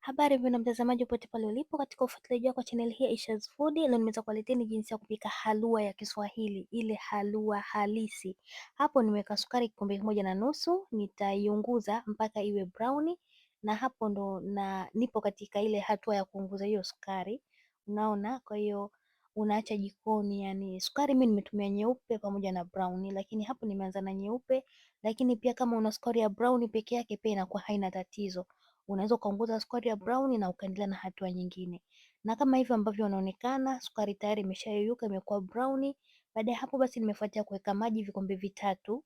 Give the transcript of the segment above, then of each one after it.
Habari mpendwa mtazamaji, popote pale ulipo katika ufuatiliaji wako wa chaneli hii ya Aisha's Food. Leo nimeweza kuwaleteni jinsi ya kupika halua ya Kiswahili, ile halua halisi. Hapo nimeweka sukari kikombe kimoja na nusu, nitaiunguza mpaka iwe brown, na hapo ndo na nipo katika ile hatua ya kuunguza hiyo sukari, unaona. Kwa hiyo unaacha jikoni, yani sukari mimi nimetumia nyeupe pamoja na brown, lakini hapo nimeanza na nyeupe, lakini pia kama una sukari ya brown peke yake pia inakuwa haina tatizo unaweza ukaongeza sukari ya brown na ukaendelea na hatua nyingine. Na kama hivyo ambavyo unaonekana, sukari tayari imeshayeyuka imekuwa brown. Baada ya hapo basi, nimefuatia kuweka maji vikombe vitatu,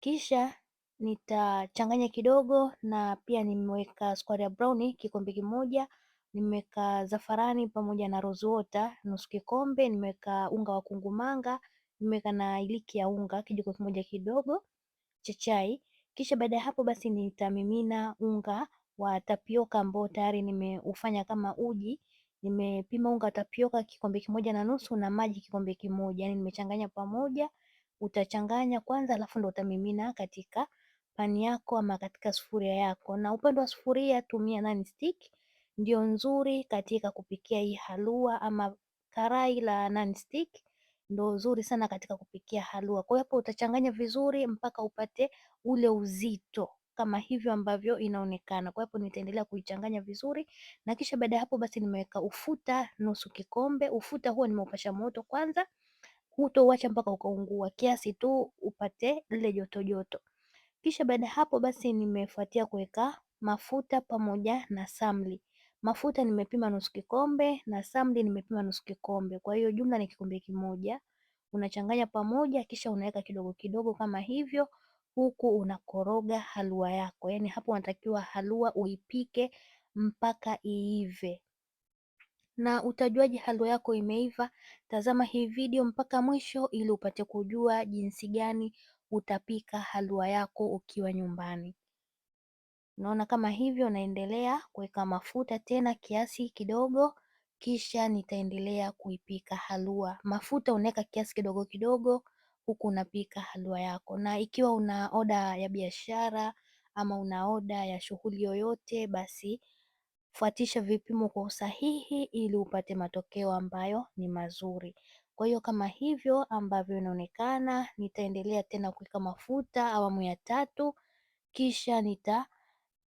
kisha nitachanganya kidogo, na pia nimeweka sukari ya brown kikombe kimoja, nimeweka zafarani pamoja na rose water nusu kikombe, nimeweka unga wa kungumanga, nimeweka na iliki ya unga kijiko kimoja kidogo cha chai kisha baada ya hapo basi nitamimina unga wa tapioka ambao tayari nimeufanya kama uji. Nimepima unga wa tapioka kikombe kimoja na nusu na maji kikombe kimoja, yani nimechanganya pamoja. Utachanganya kwanza alafu ndo utamimina katika pani yako ama katika sufuria yako. Na upande wa sufuria tumia nani stick ndio nzuri katika kupikia hii halua ama karai la nani stick ndo nzuri sana katika kupikia halua. Kwa hiyo hapo utachanganya vizuri mpaka upate ule uzito kama hivyo ambavyo inaonekana. Kwa hiyo nitaendelea kuichanganya vizuri, na kisha baada ya hapo basi nimeweka ufuta nusu kikombe. Ufuta huo nimeupasha moto kwanza, hutouacha mpaka ukaungua, kiasi tu upate lile joto joto. Kisha baada ya hapo basi nimefuatia kuweka mafuta pamoja na samli. Mafuta nimepima nusu kikombe na samli nimepima nusu kikombe, kwa hiyo jumla ni kikombe kimoja. Unachanganya pamoja kisha unaweka kidogo kidogo kama hivyo, huku unakoroga halua yako. Yaani hapo unatakiwa halua uipike mpaka iive. Na utajuaje halua yako imeiva? Tazama hii video mpaka mwisho ili upate kujua jinsi gani utapika halua yako ukiwa nyumbani. Unaona kama hivyo naendelea kuweka mafuta tena kiasi kidogo kisha nitaendelea kuipika halua. Mafuta unaweka kiasi kidogo kidogo huku unapika halua yako. Na ikiwa una oda ya biashara ama una oda ya shughuli yoyote basi fuatisha vipimo kwa usahihi ili upate matokeo ambayo ni mazuri. Kwa hiyo kama hivyo ambavyo inaonekana nitaendelea tena kuweka mafuta awamu ya tatu kisha nita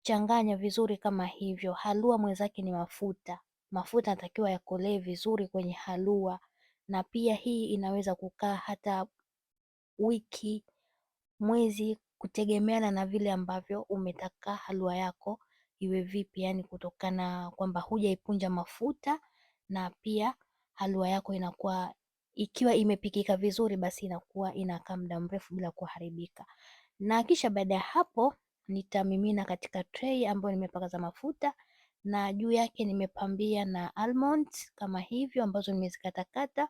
changanya vizuri kama hivyo. Halua mwenzake ni mafuta, mafuta anatakiwa yakolee vizuri kwenye halua, na pia hii inaweza kukaa hata wiki, mwezi, kutegemeana na vile ambavyo umetaka halua yako iwe vipi, yani kutokana kwamba hujaipunja mafuta na pia halua yako inakuwa ikiwa imepikika vizuri, basi inakuwa inakaa muda mrefu bila kuharibika. Na kisha baada ya hapo Nitamimina katika trei ambayo nimepakaza mafuta na juu yake nimepambia na almonds kama hivyo ambazo nimezikatakata.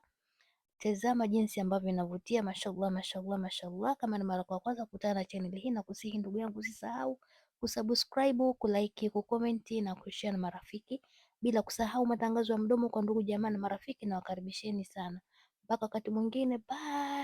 Tazama jinsi ambavyo inavutia, mashallah mashallah mashallah. Kama ni mara kwa kwanza kukutana na channel hii, na kusihi ndugu yangu usisahau kusubscribe, kulike, kukomenti na kushare na marafiki, bila kusahau matangazo ya mdomo kwa ndugu jamaa na marafiki, na wakaribisheni sana mpaka wakati mwingine bye.